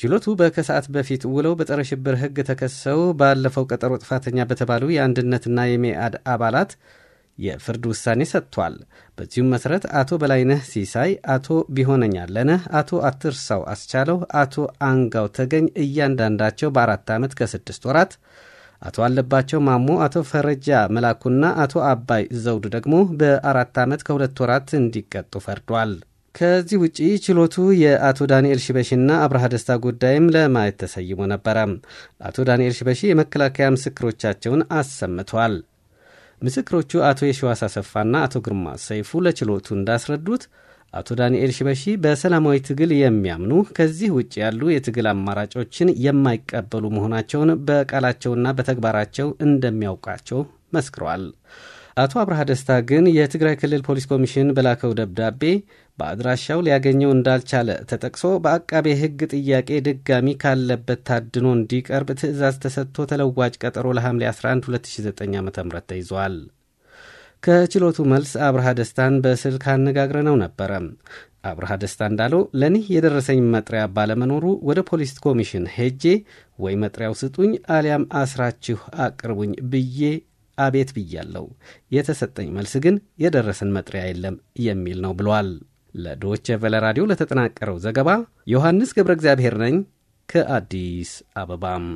ችሎቱ ከሰዓት በፊት ውለው በጸረ ሽብር ሕግ ተከሰው ባለፈው ቀጠሮ ጥፋተኛ በተባሉ የአንድነትና የሜአድ አባላት የፍርድ ውሳኔ ሰጥቷል። በዚሁም መሠረት አቶ በላይነህ ሲሳይ፣ አቶ ቢሆነኛ ለነህ፣ አቶ አትርሳው አስቻለው፣ አቶ አንጋው ተገኝ እያንዳንዳቸው በአራት ዓመት ከስድስት ወራት አቶ አለባቸው ማሞ፣ አቶ ፈረጃ መላኩና አቶ አባይ ዘውዱ ደግሞ በአራት ዓመት ከሁለት ወራት እንዲቀጡ ፈርዷል። ከዚህ ውጪ ችሎቱ የአቶ ዳንኤል ሽበሺና አብርሃ ደስታ ጉዳይም ለማየት ተሰይሞ ነበረ። አቶ ዳንኤል ሽበሺ የመከላከያ ምስክሮቻቸውን አሰምተዋል። ምስክሮቹ አቶ የሸዋስ አሰፋና አቶ ግርማ ሰይፉ ለችሎቱ እንዳስረዱት አቶ ዳንኤል ሽበሺ በሰላማዊ ትግል የሚያምኑ ከዚህ ውጭ ያሉ የትግል አማራጮችን የማይቀበሉ መሆናቸውን በቃላቸውና በተግባራቸው እንደሚያውቃቸው መስክረዋል። አቶ አብርሃ ደስታ ግን የትግራይ ክልል ፖሊስ ኮሚሽን በላከው ደብዳቤ በአድራሻው ሊያገኘው እንዳልቻለ ተጠቅሶ በአቃቤ ሕግ ጥያቄ ድጋሚ ካለበት ታድኖ እንዲቀርብ ትዕዛዝ ተሰጥቶ ተለዋጭ ቀጠሮ ለሐምሌ 11 2009 ዓ ም ተይዟል። ከችሎቱ መልስ አብርሃ ደስታን በስልክ አነጋግረነው ነበረ። አብርሃ ደስታ እንዳለው ለኒህ የደረሰኝ መጥሪያ ባለመኖሩ ወደ ፖሊስ ኮሚሽን ሄጄ ወይ መጥሪያው ስጡኝ አሊያም አስራችሁ አቅርቡኝ ብዬ አቤት ብያለው፣ የተሰጠኝ መልስ ግን የደረሰን መጥሪያ የለም የሚል ነው ብሏል። ለዶች ቨለ ራዲዮ ለተጠናቀረው ዘገባ ዮሐንስ ገብረ እግዚአብሔር ነኝ ከአዲስ አበባም